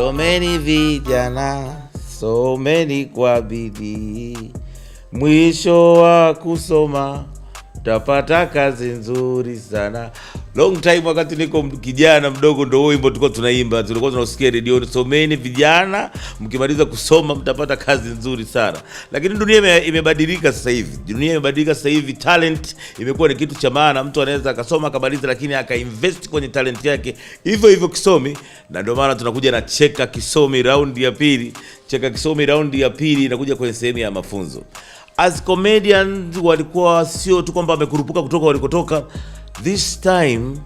Someni vijana, someni kwa bidii, mwisho wa kusoma tapata kazi nzuri sana. Long time wakati niko kijana mdogo, ndo wimbo tulikuwa tunaimba, tulikuwa tunausikia redioni, someni vijana, mkimaliza kusoma mtapata kazi nzuri sana. Lakini dunia imebadilika sasa hivi, dunia imebadilika sasa hivi, talent imekuwa ni kitu cha maana. Mtu anaweza akasoma akamaliza, lakini akainvest kwenye talent yake hivyo hivyo kisomi, na ndio maana tunakuja na cheka kisomi raundi ya pili. Cheka kisomi raundi ya pili inakuja kwenye sehemu ya mafunzo as comedians walikuwa sio tu kwamba wamekurupuka kutoka walikotoka. This time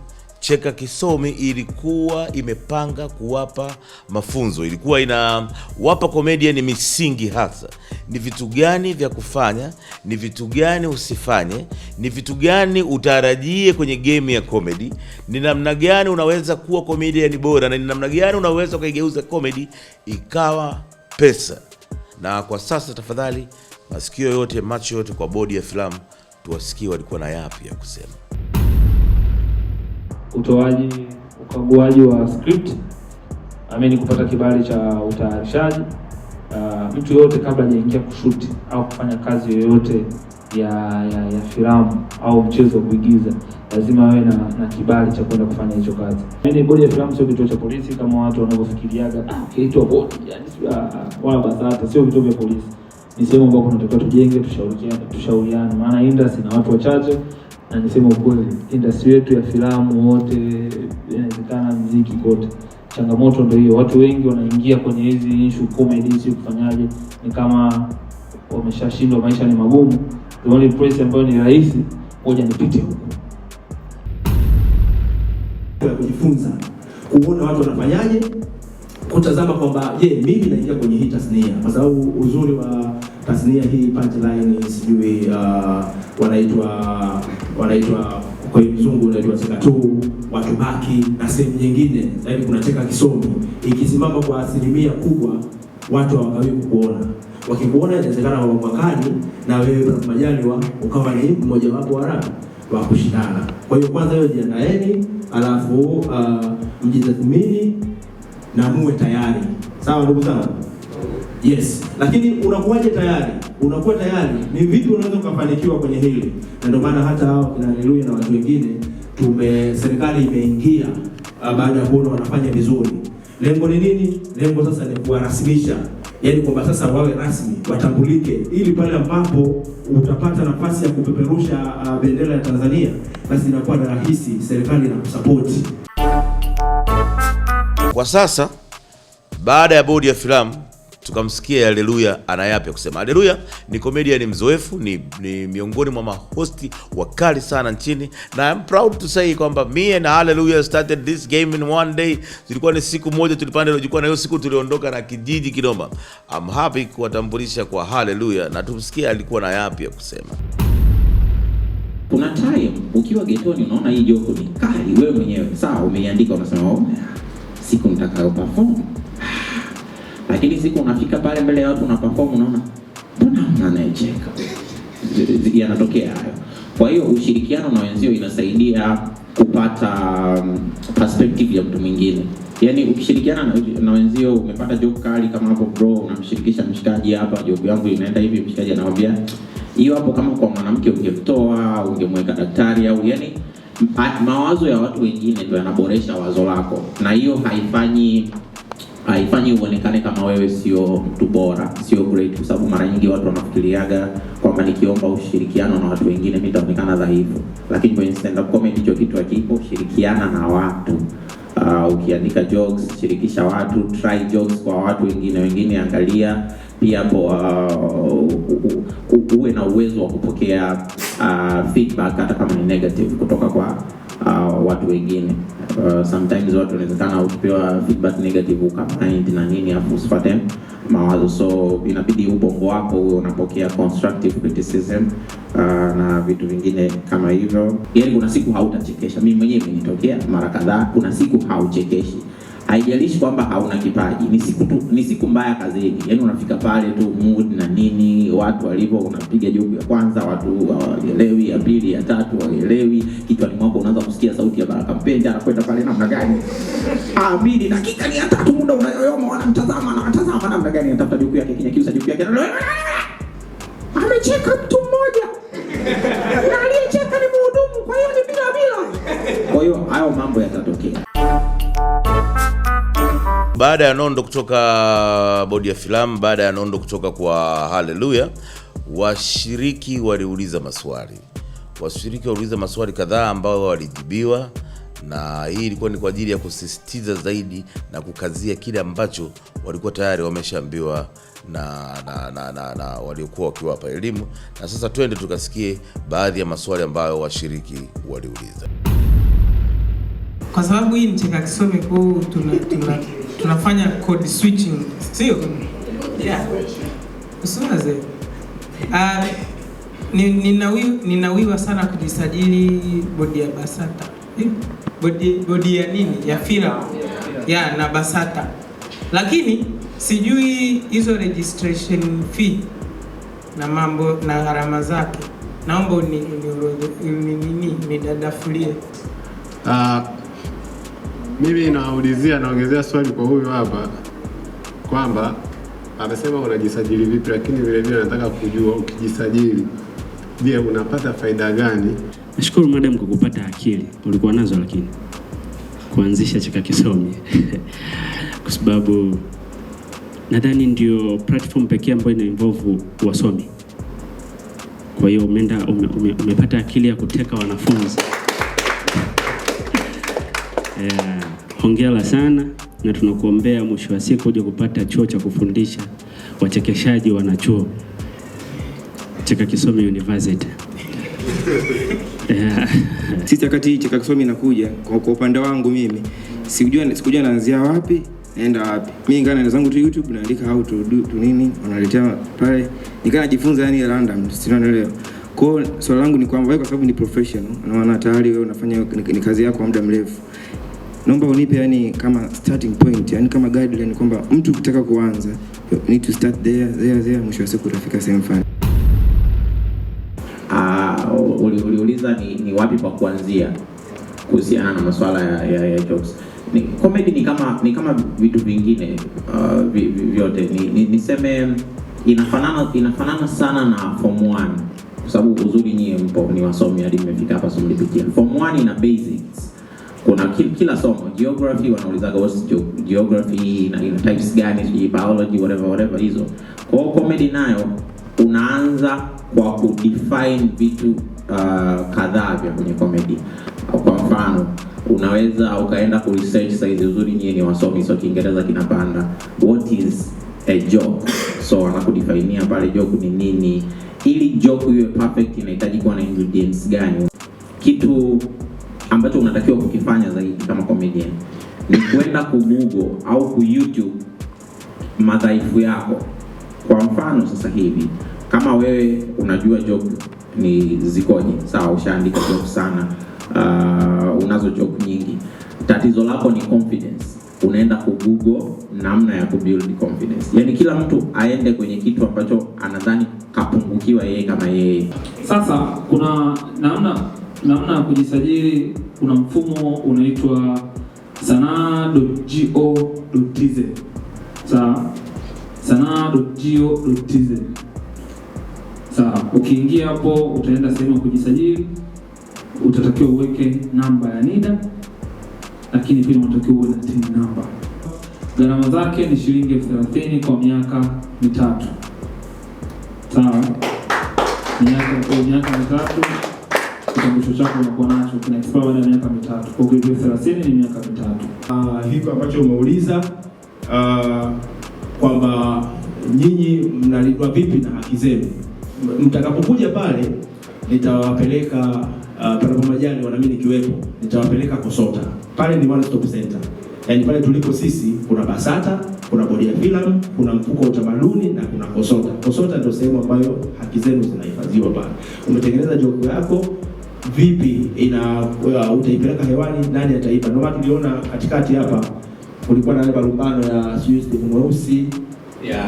Cheka Kisomi ilikuwa imepanga kuwapa mafunzo, ilikuwa inawapa comedian misingi hasa, ni vitu gani vya kufanya, ni vitu gani usifanye, ni vitu gani utarajie kwenye game ya comedy, ni namna gani unaweza kuwa comedian bora, na ni namna gani unaweza ukaigeuza comedy ikawa pesa. Na kwa sasa tafadhali masikio yote, macho yote kwa bodi ya filamu, tuwasikie walikuwa na yapi ya kusema. Utoaji, ukaguaji wa script, amini kupata kibali cha utayarishaji. Uh, mtu yoyote kabla hajaingia kushuti au kufanya kazi yoyote ya, ya, ya filamu au mchezo wa kuigiza lazima awe na, na kibali cha kwenda kufanya hicho kazi. Mimi bodi ya filamu sio kituo cha polisi kama watu wanavyofikiriaga, ah, kiitwa bodi, yani ah, ah, wala BASATA sio vituo vya polisi ni sehemu ambapo tunatakiwa tujenge, tushauriane, tushauriane, maana industry na watu wachache, na niseme ukweli, industry yetu ya filamu wote, inawezekana mziki kote, changamoto ndio hiyo. Watu wengi wanaingia kwenye hizi issue comedy, si kufanyaje, ni kama wameshashindwa, maisha ni magumu, the only place ambayo ni rahisi, ngoja nipite huko kujifunza kuona watu wanafanyaje, kutazama kwamba je, mimi naingia kwenye hii tasnia, kwa sababu uzuri wa tasnia hii punchline sijui uh, wanaitwa wanaitwa kwa mzungu unaitwa cheka tu watu baki na sehemu nyingine zaidi, yaani kuna cheka kisomi ikisimama kwa asilimia kubwa, watu hawakawi kukuona. Wakikuona inawezekana wa mwakani na wewe kwa majaliwa ukawa ni mmoja wapo wa wa kushindana. Kwa hiyo kwanza hiyo jiandaeni, alafu uh, mjitathmini na muwe tayari. Sawa ndugu zangu. Yes, lakini unakuwaje tayari? Unakuwa tayari ni vipi unaweza ukafanikiwa kwenye hili? Na ndio maana hata hao kina Haleluya na watu wengine tume, serikali imeingia ah, baada ya kuona wanafanya vizuri. Lengo ni nini? Lengo sasa ni kuwarasimisha, yaani kwamba sasa wawe rasmi, watambulike, ili pale ambapo utapata nafasi ya kupeperusha ah, bendera ya Tanzania, basi inakuwa na rahisi, serikali na kusapoti Kwa sasa baada ya bodi ya filamu tukamsikia Haleluya ana yapi ya kusema. Haleluya ni comedian mzoefu, ni, ni miongoni mwa mahosti wakali sana nchini, na I'm proud to say kwamba me and Haleluya started this game in one day. Zilikuwa ni siku moja tulipanda ile jukwaa, na hiyo siku tuliondoka na kijiji Kidoma. I'm happy kuwatambulisha kwa Haleluya na tumsikie alikuwa na yapi ya kusema. Kuna time ukiwa getoni unaona hii joko ni kali, wewe mwenyewe sawa, umeiandika unasema oh, siku nitakayo perform lakini siku unafika pale mbele ya watu una perform, unaona mbona anayecheka, yanatokea hayo. Kwa hiyo ushirikiano na wenzio inasaidia kupata um, perspective ya mtu mwingine. Yaani ukishirikiana na wenzio umepata job kali kama hapo bro, unamshirikisha mshikaji, hapa job yangu inaenda hivi, mshikaji anawaambia hiyo hapo, kama kwa mwanamke ungemtoa, ungemweka daktari au yani mawazo ya watu wengine ndio yanaboresha wazo lako, na hiyo haifanyi haifanyi uonekane kama wewe sio mtu bora, sio great, kwa sababu mara nyingi watu wanafikiriaga kwamba nikiomba ushirikiano na watu wengine nitaonekana dhaifu, lakini kwenye stand up comedy hicho kitu hakipo. Shirikiana na watu. Uh, ukiandika jokes shirikisha watu, try jokes kwa watu wengine wengine, angalia pia po Uh, ah, uwe na uwezo wa kupokea uh, feedback hata kama ni negative kutoka kwa uh, watu wengine. Uh, sometimes watu wanawezekana ukipewa feedback negative ukamind na nini afu usipate mawazo, so inabidi ubongo wako huo unapokea constructive criticism uh, na vitu vingine kama hivyo. Yani kuna siku hautachekesha. Mimi mwenyewe imenitokea mara kadhaa, kuna siku hauchekeshi haijalishi kwamba hauna kipaji, ni siku tu, ni siku mbaya kazini. Yani unafika pale tu mood na nini, watu walivyo, unapiga job ya kwanza, watu hawaelewi, ya pili, ya tatu hawaelewi. Kichwani mwako unaanza kusikia sauti ya Baraka Mpende anakwenda pale namna gani, ah, mbili dakika ni ya tatu, muda unayoyoma, wanamtazama na watazama namna gani, anatafuta juku yake, kinyakiusa juku yake, amecheka mtu mmoja na aliyecheka ni mhudumu, kwa hiyo ni bila bila. Kwa hiyo hayo mambo yatatokea baada ya nondo kutoka bodi ya filamu, baada ya nondo kutoka kwa Haleluya, washiriki waliuliza maswali. Washiriki waliuliza maswali kadhaa ambayo walijibiwa, na hii ilikuwa ni kwa ajili ya kusisitiza zaidi na kukazia kile ambacho walikuwa tayari wameshaambiwa na, na, na, na, na waliokuwa wakiwapa elimu. Na sasa twende tukasikie baadhi ya maswali ambayo washiriki waliuliza. Kwa sababu hii mcheka kisome kuu tuna, tuna tunafanya code switching, sio? Yeah. Usiwaze. Uh, ninawi, ninawiwa sana kujisajili bodi ya Basata. Bodi, bodi ya nini? Ya fira. Yeah, na Basata. Lakini sijui hizo registration fee na mambo na gharama zake. Naomba ni nini ni, ni, ni, ni, ni dadafulie. Uh, mimi nawaulizia, naongezea swali kwa huyu hapa kwamba amesema unajisajili vipi, lakini vile vile nataka kujua ukijisajili, je, unapata faida gani? Nashukuru madam kwa kupata akili ulikuwa nazo, lakini kuanzisha chika Kisomi kwa sababu nadhani ndio platform pekee ambayo ina involve wasomi. Kwa hiyo umeenda ume, ume, umepata akili ya kuteka wanafunzi. Yeah. hongera sana na tunakuombea mwisho wa siku uje kupata chuo cha kufundisha wachekeshaji wanachuo Cheka Kisomi University. Yeah. Sisi wakati Cheka Kisomi inakuja, kwa upande wangu mimi sikujua sikujua naanzia wapi naenda wapi. Mimi ngana na zangu tu YouTube naandika how to do tu nini, wanaletea pale. Nikaa najifunza yani random, sio naelewa. Kwa hiyo swali langu ni kwamba wewe kwa sababu ni professional, na maana tayari wewe unafanya ni kazi yako kwa muda mrefu naomba unipe yani kama starting point, yani kama guideline kwamba mtu ukitaka kuanza you need to start there there there, mwisho wa siku utafika sehemu fulani. Uh, uliuliza ni, ni wapi pa kuanzia kuhusiana na masuala ya, ya, ya jokes. Ni, comedy ni kama ni kama vitu vingine uh, vi, vi, vyote ni, ni, niseme inafanana inafanana sana na form 1 kwa sababu uzuri nyie mpo ni wasomi hadi mmefika hapa, somo lipitia form 1 ina basics kuna kila somo geography, wanaulizaga what's geography na ina types gani, sijui biology, whatever whatever hizo. Kwa hiyo comedy nayo unaanza kwa kudefine vitu uh, kadhaa vya kwenye comedy. Kwa mfano unaweza ukaenda ku research size nzuri nyie ni wasomi, so Kiingereza kinapanda. What is a joke? So anakudefainia pale joke ni nini. Ili joke iwe perfect, inahitaji kuwa na ingredients gani? kitu ambacho unatakiwa kukifanya zaidi kama comedian ni kwenda kugugo au ku YouTube madhaifu yako. Kwa mfano sasa hivi kama wewe unajua job ni zikoje, sawa, ushaandika job sana, uh, unazo job nyingi. Tatizo lako ni confidence, unaenda kugugo namna ya kubuild confidence. Yani kila mtu aende kwenye kitu ambacho anadhani kapungukiwa yeye kama yeye. Sasa kuna namna namna ya kujisajili, kuna mfumo unaitwa sanaa.go.tz. Sawa, sanaa.go.tz. Sawa, ukiingia hapo utaenda sehemu ya kujisajili, utatakiwa uweke namba ya NIDA, lakini pia unatakiwa uwe na TIN namba. Gharama zake ni shilingi elfu thelathini kwa miaka mitatu. Sawa, miaka mitatu kitambulisho chako unakuwa nacho kina expire baada ya miaka mitatu, kwa hivyo 30 ni miaka mitatu. Uh, hiko ambacho umeuliza uh, kwamba nyinyi mnalindwa vipi na haki zenu, mtakapokuja pale nitawapeleka Uh, ah, Majani wanami nikiwepo, nitawapeleka Kosota. Pale ni one stop center, yaani pale tuliko sisi kuna Basata, kuna Bodi ya Filamu, kuna Mfuko wa Utamaduni na kuna Kosota. Kosota ndio sehemu ambayo haki zenu zinahifadhiwa pale. Umetengeneza jogo yako vipi ina uh, utaipeleka hewani, nani ataipa? Ndio maana tuliona katikati hapa kulikuwa na malumbano ya sijui Steve Mweusi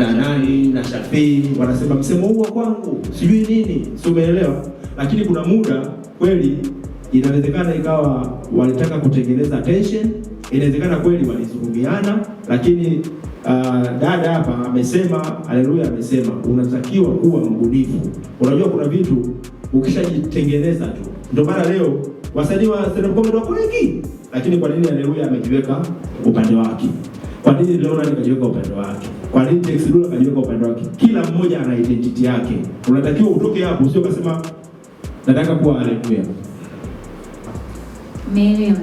na nani na Shafii, wanasema msemo huu wa kwangu sijui nini, si umeelewa? Lakini kuna muda kweli inawezekana ikawa walitaka kutengeneza tension, inawezekana kweli walizungumiana, lakini uh, dada hapa amesema, haleluya, amesema unatakiwa kuwa mbunifu. Unajua kuna vitu ukishajitengeneza tu ndio maana leo wasanii wa Serengombe ndio wengi, lakini kwa nini Haleluya amejiweka upande wake? Kwa nini Leonard akajiweka upande wake? Kwa nini Tex Dula akajiweka upande wake? Kila mmoja ana identity yake. Unatakiwa utoke hapo, sio kasema nataka kuwa Haleluya. Mimi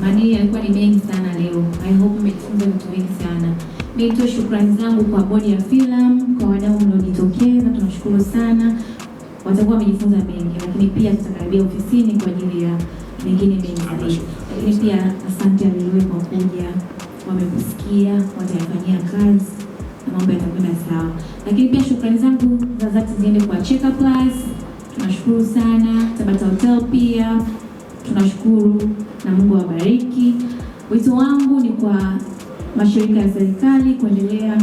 mani alikuwa ni mengi sana leo. I hope mmejifunza vitu vingi sana. Mimi nitoa shukrani zangu kwa bodi ya filamu, kwa wadau mliojitokeza, tunashukuru sana watakuwa wamejifunza mengi, lakini pia tutakaribia ofisini kwa ajili ya mengine mengi zaidi. Lakini pia asante Alilowe kwa kuja, wamekusikia, watayafanyia kazi na mambo yatakwenda sawa. Lakini pia shukrani zangu za dhati ziende kwa Cheka Plus, tunashukuru sana Tabata Hotel pia tunashukuru na Mungu awabariki. Wito wangu ni kwa mashirika ya serikali kuendelea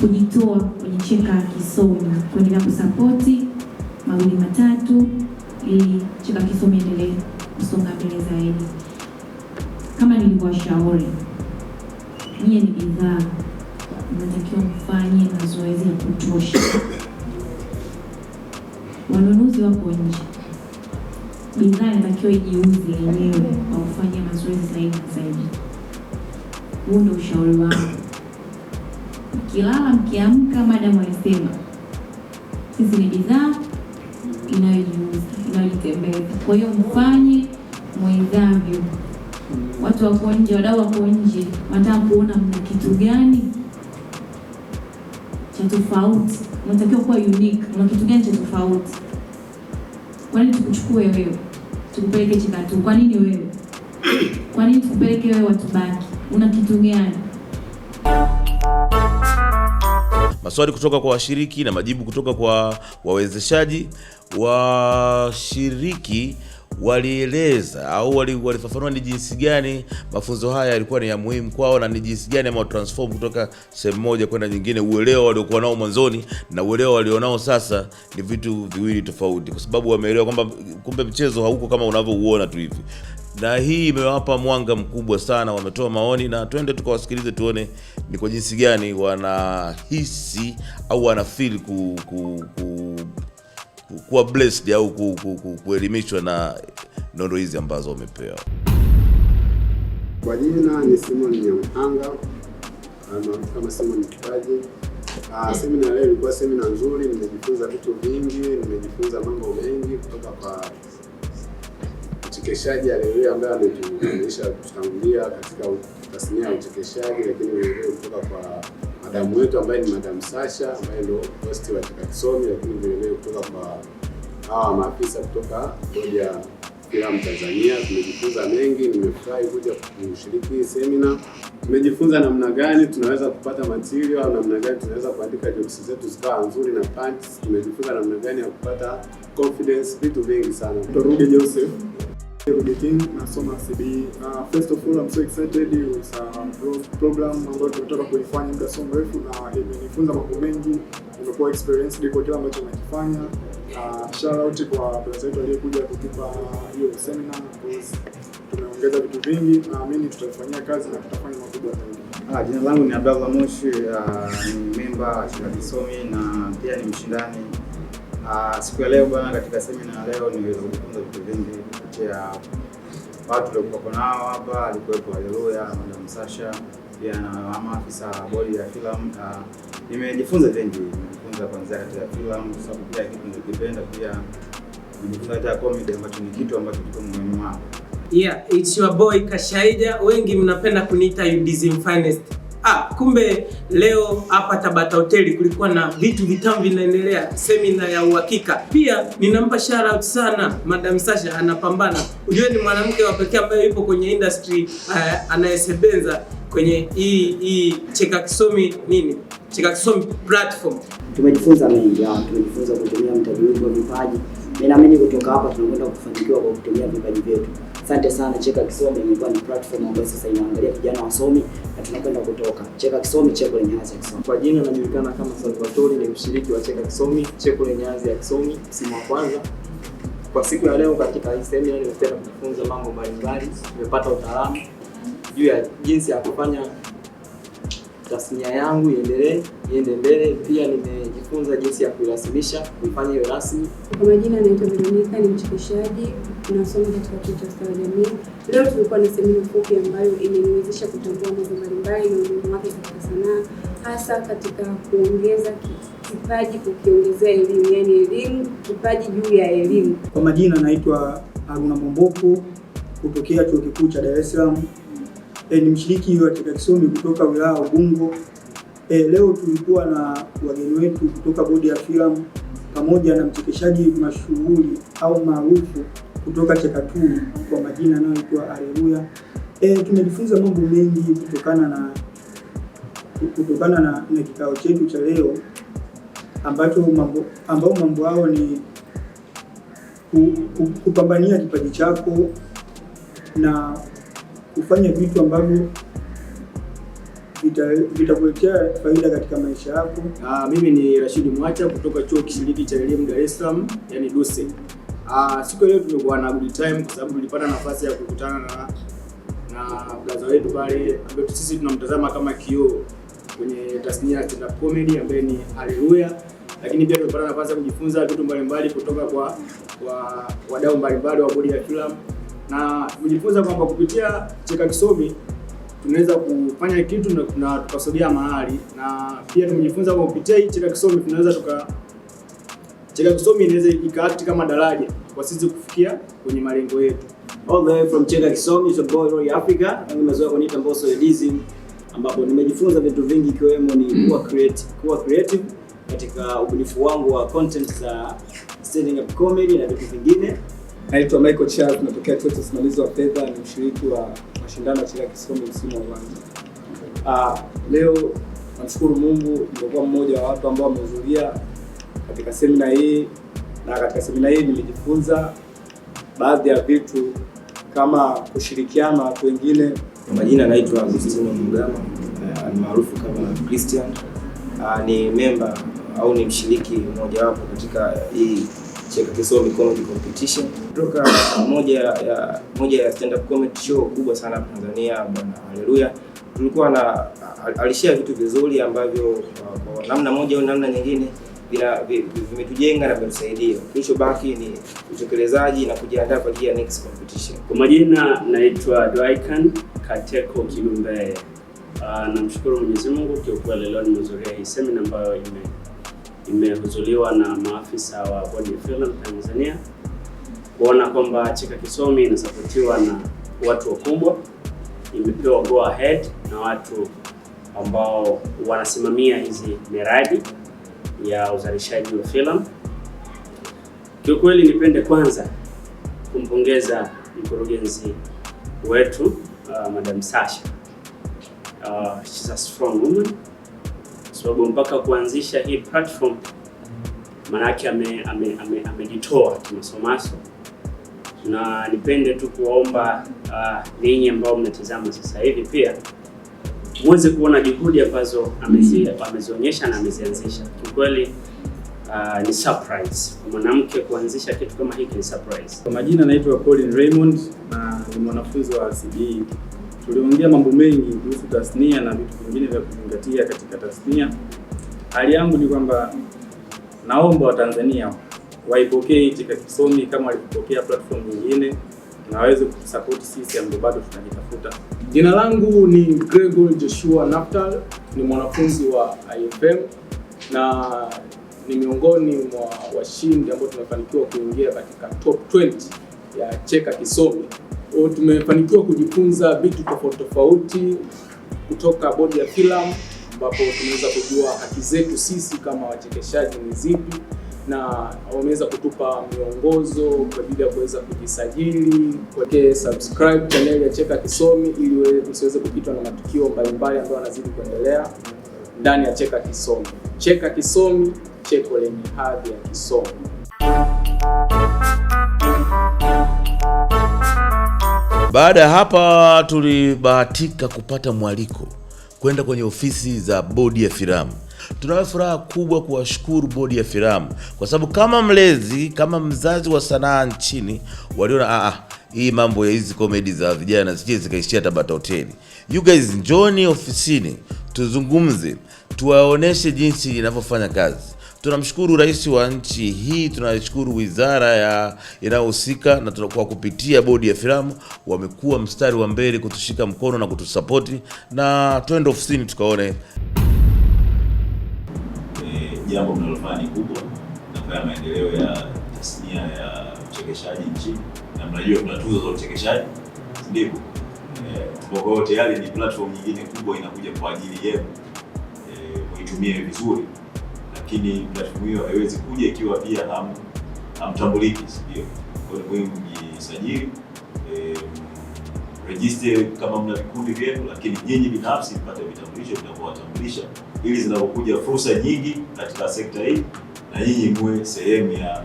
kujitoa kwenye Cheka Kisomi, kuendelea kusapoti mawili matatu, ili chika Kisoma endelee kusonga mbele zaidi. Kama nilivyowashauri, nyie ni bidhaa, natakiwa mfanye mazoezi ya kutosha. Wanunuzi wako nje, bidhaa inatakiwa ijiuze yenyewe kwa kufanya mazoezi zaidi na zaidi. Huu ndio ushauri wangu. Mkilala mkiamka, madamu alisema sisi ni bidhaa inayolikemeza. Kwa hiyo mfanye mwenzavyo, watu wako nje, wadau wako nje, wanataka kuona mna kitu gani cha tofauti. Unatakiwa kuwa unique. Una kitu gani cha tofauti? Kwa nini tukuchukue wewe tukupeleke Chikatu? Kwa nini wewe? Kwa nini tukupeleke wewe Watubaki? Una kitu gani? maswali kutoka kwa washiriki na majibu kutoka kwa wawezeshaji. Washiriki walieleza au walifafanua ni jinsi gani mafunzo haya yalikuwa ni ya muhimu kwao na ni jinsi gani ama transform kutoka sehemu moja kwenda nyingine. Uelewa waliokuwa nao mwanzoni na uelewa walionao sasa ni vitu viwili tofauti, kwa sababu wameelewa kwamba kumbe mchezo hauko kama unavyouona tu hivi na hii imewapa mwanga mkubwa sana, wametoa maoni na twende tukawasikilize, tuone ni kwa jinsi gani wanahisi au wanafeel ku, ku, ku, ku, kuwa blessed au ku, ku, ku, kuelimishwa na nondo hizi ambazo wamepewa. Kwa jina ni Simon Nyamhanga maarufu kama Simon Kipaji. Ah, mm. Semina leo ilikuwa semina nzuri, nimejifunza vitu vingi, nimejifunza mambo mengi kutoka kwa mchekeshaji Haleluya ambaye ametuonyesha kutangulia katika tasnia ya uchekeshaji, lakini vilevile kutoka kwa madamu wetu ambaye ni madamu Sasha ambaye ndo host wa Chakakisomi, lakini vilevile kutoka kwa hawa maafisa kutoka bodi ya filamu Tanzania. Tumejifunza mengi, nimefurahi kuja kushiriki hii semina. Tumejifunza namna gani tunaweza kupata material au namna gani tunaweza kuandika jokes zetu zikawa nzuri na punch. Tumejifunza namna gani ya kupata confidence, vitu vingi sana. Turudi Joseph. Ruby nasoma CBE. Uh, first of all I'm so excited uh, program ambayo tumetoka kuifanya muda so mrefu, na imenifunza mambo mengi, nimekuwa experienced kwa kila ambacho nakifanya. shout out kwa brother wetu aliyekuja kutupa hiyo seminar because tumeongeza vitu vingi, naamini kazi na tutafanya makubwa zaidi. Ah, jina langu ni Abdallah Moshi, ah, ni memba Shikakisomi na pia ni mshindani. Uh, siku ya leo bwana, katika semina ya leo niweza kujifunza vitu vingi chache ya watu waliokuwa nao hapa, alikuwepo Haleluya, Madam Sasha pia na afisa bodi ya filamu. Ah, nimejifunza vingi, nimejifunza kwanza ya filamu, sababu pia kitu nilikipenda, pia nimejifunza comedy ambacho ni kitu ambacho kiko muhimu hapo. Yeah, it's your boy Kashaija, wengi mnapenda kuniita you disinfinest ah, kumbe leo hapa Tabata Hoteli kulikuwa na vitu vitamu vinaendelea, semina ya uhakika. Pia ninampa shout out sana Madam Sasha, anapambana. Ujue ni mwanamke wa pekee ambaye yupo kwenye industry uh, anayesebenza kwenye hii hii Cheka Kisomi nini Cheka Kisomi platform. Tumejifunza mengi, ya, ah, tumejifunza kutumia mtaji wetu wa vipaji. Mimi naamini kutoka hapa tunakwenda kufanikiwa kwa kutumia vipaji vyetu. Asante sana Cheka Kisomi, imekuwa ni platform ambayo sasa inaangalia vijana wasomi na tunakwenda kutoka Cheka Kisomi, Cheko lenye hadhi ya kisomi. Kwa jina najulikana kama Salvatore, ni mshiriki wa Cheka Kisomi, Cheko lenye hadhi ya kisomi msimu wa kwanza. Kwa siku ya leo katika hii semina nimependa kujifunza mambo mbalimbali, nimepata utaalamu juu ya jinsi ya kufanya tasnia yangu iendelee iende mbele. Pia nimejifunza jinsi ya kuirasimisha, kuifanya hiyo rasmi. Kwa majina anaitwa Veronica, ni mchekeshaji nasoma katika chuo cha ustawi jamii. Leo tulikuwa na semina fupi ambayo imeniwezesha kutambua mambo mbalimbali na umuhimu wake katika sanaa, hasa katika kuongeza kipaji, kukiongezea elimu, yani elimu, kipaji juu ya elimu. Kwa majina anaitwa Haruna momboko kutokea chuo kikuu cha Dar es Salaam e, ni mshiriki wa TETAKISOMI kutoka wilaya Ubungo. E, leo tulikuwa na wageni wetu kutoka bodi ya filamu pamoja na mchekeshaji mashuhuri au maarufu kutoka Chekatuni kwa majina anayoitwa Aleluya. E, eh, tumejifunza mambo mengi kutokana na kutokana na, na kikao chetu cha leo ambacho mambo ambao mambo yao ni kupambania kipaji chako na ufanye vitu ambavyo vitakuletea faida katika maisha yako. Ah, mimi ni Rashidi Mwacha kutoka Chuo Kishiriki cha Elimu Dar es Salaam, yani DUSE. Ah, siku leo tumekuwa na good time kwa sababu tulipata nafasi ya kukutana na na brother wetu pale ambaye sisi tunamtazama kama kioo kwenye tasnia ya stand up comedy ambaye ni Haleluya, lakini pia tumepata nafasi ya kujifunza vitu mbalimbali kutoka kwa wadau mbalimbali wa bodi ya filamu na tumejifunza kwamba kupitia Cheka Kisomi tunaweza kufanya kitu na, na tukasogea mahali, na pia tumejifunza kwamba kupitia hii Cheka Kisomi tunaweza tuka Cheka Kisomi inaweza ikaakti kama daraja kwa sisi kufikia kwenye malengo yetu. All the way from Cheka Kisomi to Boy Roy Africa, na nimezoea kuniita Mbosso Edizim, ambapo nimejifunza vitu vingi ikiwemo ni kuwa create kuwa creative katika ubunifu wangu wa content za uh, standing up comedy na vitu vingine Naitwa Michael Charles, natokea chuo cha usimamizi wa fedha, ni mshiriki wa mashindano ya Chira Kisomi msimu wa kwanza. Ah, leo namshukuru Mungu nimekuwa mmoja wa watu ambao wamehudhuria katika semina hii, na katika semina hii nimejifunza baadhi ya vitu kama kushirikiana watu wengine. majina naitwa Agustino Mugama, eh, ni maarufu kama Christian. Ah, ni memba au ni mshiriki mmojawapo katika hii Cheka Kisomi Comedy Competition kutoka moja ya moja ya stand up comedy show kubwa sana hapa Tanzania, bwana Haleluya. Tulikuwa na alishia vitu vizuri ambavyo uh, kwa namna moja au namna nyingine vimetujenga na vimetusaidia. Kilichobaki ni utekelezaji na kujiandaa kwa ajili ya next competition. Kwa majina naitwa Dwaikan Kateko Kilumbe. Uh, namshukuru Mwenyezi Mungu kwa kuwa leo nimehudhuria hii seminar ambayo ime tumehuzuliwa na maafisa wa Bodi ya Filamu Tanzania kuona kwamba Cheka Kisomi inasapotiwa na watu wakubwa, imepewa go ahead na watu ambao wanasimamia hizi miradi ya uzalishaji wa filamu. Kiukweli nipende kwanza kumpongeza mkurugenzi wetu uh, Madam Sasha uh, she's a strong woman sababu mpaka kuanzisha hii platform maanake amejitoa ame, ame, ame kimasomaso, na nipende tu kuwaomba uh, ninyi ambao mnatizama sasa hivi pia muweze kuona juhudi ambazo amezionyesha na amezianzisha. Kiukweli uh, ni surprise kwa mwanamke kuanzisha kitu kama hiki, ni surprise. Kwa majina naitwa Colin Raymond na ni mwanafunzi wa CBE tuliongea mambo mengi kuhusu tasnia na vitu vingine vya kuzingatia katika tasnia. Hali yangu ni kwamba naomba Watanzania waipokee Itika Kisomi kama walivyopokea platform nyingine na waweze kutusapoti sisi ambao bado tunajitafuta. Jina langu ni gregory Joshua Naftal, ni mwanafunzi wa IFM na ni miongoni mwa washindi ambao tumefanikiwa kuingia katika top 20 ya Cheka Kisomi tumefanikiwa kujifunza vitu tofauti tofauti kutoka bodi ya filamu, ambapo tumeweza kujua haki zetu sisi kama wachekeshaji ni zipi, na wameweza kutupa miongozo kwa ajili ya kuweza kujisajili. kwake subscribe channel ya Cheka Kisomi ili usiweze kupitwa na matukio mbalimbali ambayo yanazidi kuendelea ndani ya Cheka Kisomi. Cheka Kisomi, cheko lenye hadhi ya kisomi. Baada ya hapa, tulibahatika kupata mwaliko kwenda kwenye ofisi za bodi ya filamu. Tunayo furaha kubwa kuwashukuru bodi ya filamu kwa sababu kama mlezi, kama mzazi wa sanaa nchini, waliona ah, ah hii mambo ya hizi komedi za vijana sije zikaishia Tabata Hoteli. You guys, njoni ofisini tuzungumze, tuwaoneshe jinsi inavyofanya kazi. Tunamshukuru rais wa nchi hii, tunashukuru wizara ya inayohusika na kwa kupitia bodi ya filamu wamekuwa mstari wa mbele kutushika mkono na kutusapoti, na twende ofisini tukaone e, jambo e, mnalofanya ni kubwa na maendeleo ya tasnia ya uchekeshaji nchini, na mnajua kuna tuzo za uchekeshaji ndivyo kwa hiyo tayari ni platform nyingine kubwa inakuja kwa ajili yenu e, vizuri lakini hiyo haiwezi kuja ikiwa pia hamtambuliki, si sindio? Kwa hiyo muhimu mjisajili, eh, register kama mna vikundi vyenu, lakini nyinyi binafsi mpate vitambulisho vinavyowatambulisha ili zinapokuja fursa nyingi katika sekta hii na nyinyi muwe sehemu ya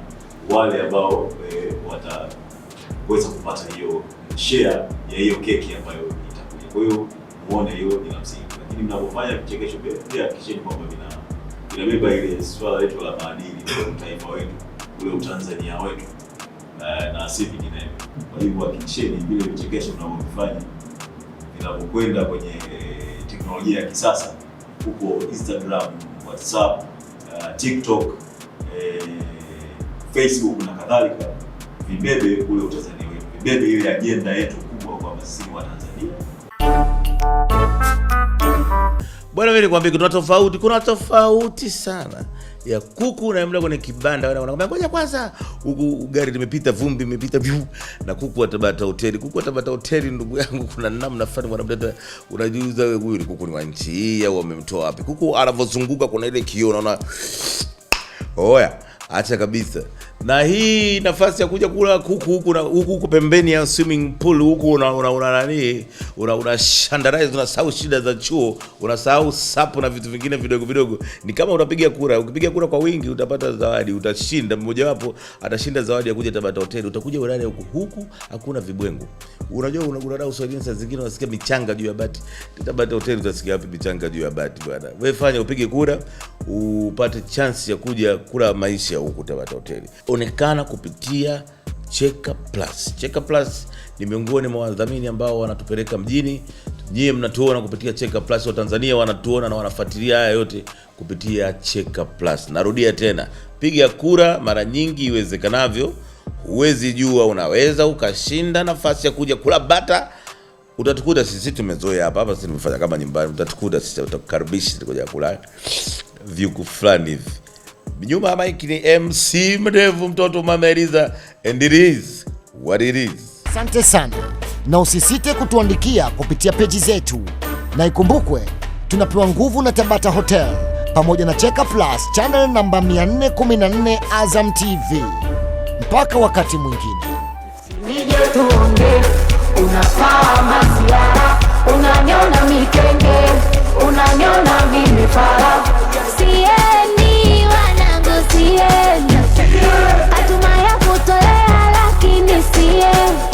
wale ambao e, wataweza kupata hiyo share ya hiyo keki ambayo itakuja. Kwa hiyo muone hiyo ni la msingi, lakini mnapofanya vichekesho pia hakikisheni kwamba vina inabeba ile swala letu la maadili kwa utaifa wetu ule utanzania wetu na, si vinginevyo. Kwa hivyo hakikisheni vile vichekesho tunavyovifanya vinavyokwenda kwenye eh, teknolojia ya kisasa huko Instagram, WhatsApp, uh, TikTok, eh, Facebook na kadhalika, vibebe ule utanzania wetu, vibebe ile ajenda yetu kubwa kwa sisi wa tanzania Bwana, mimi nikwambia kuna tofauti, kuna tofauti sana ya kuku na mla kwenye kibanda. Wewe unakwambia ngoja kwanza, huku gari limepita, vumbi limepita vyu, na kuku atabata hoteli, kuku atabata hoteli. Ndugu yangu, kuna namna fulani wanamleta, unajiuliza wewe, huyu ni kuku ni wa nchi hii au wamemtoa wapi? Kuku anavyozunguka kuna ile kioo, unaona oya acha kabisa. Na hii nafasi ya kuja kula kuku huku na huku pembeni ya swimming pool huku una una una nani una una shandarize una unasahau shida za chuo, unasahau sapu na vitu vingine vidogo vidogo. Ni kama unapiga kura, ukipiga kura kwa wingi utapata zawadi, utashinda. Mmoja wapo atashinda zawadi ya kuja Tabata Hotel, utakuja ulale huku huku, hakuna vibwengo. Unajua una kula dau uswahilini, saa zingine unasikia michanga juu ya bati. Tabata Hotel utasikia wapi michanga juu ya bati bwana? Wewe fanya upige kura upate chansi ya kuja kula maisha ya huku Tabata Hoteli, onekana kupitia Cheka Plus. Cheka Plus ni miongoni mwa wadhamini ambao wanatupeleka mjini. Nyie mnatuona kupitia Cheka Plus, Watanzania wanatuona na wanafuatilia haya yote kupitia Cheka Plus. Narudia tena, piga kura mara nyingi iwezekanavyo. Huwezi jua, unaweza ukashinda nafasi ya kuja kula bata. Utatukuta sisi tumezoea hapa hapa, sisi tumefanya kama nyumbani. Utatukuta sisi, utakukaribisha kuja kula viungo fulani hivi. Nyuma ya mic ni MC mrevu mtoto mameliza and it is what it is. Asante sana na usisite kutuandikia kupitia peji zetu, na ikumbukwe tunapewa nguvu na Tabata Hotel pamoja na Cheka Plus channel namba 414 Azam TV. Mpaka wakati mwingine, nije unafaa masiara, unanyona mikenge, unanyona mimi fara siye, hatuma ya kutolea lakini siye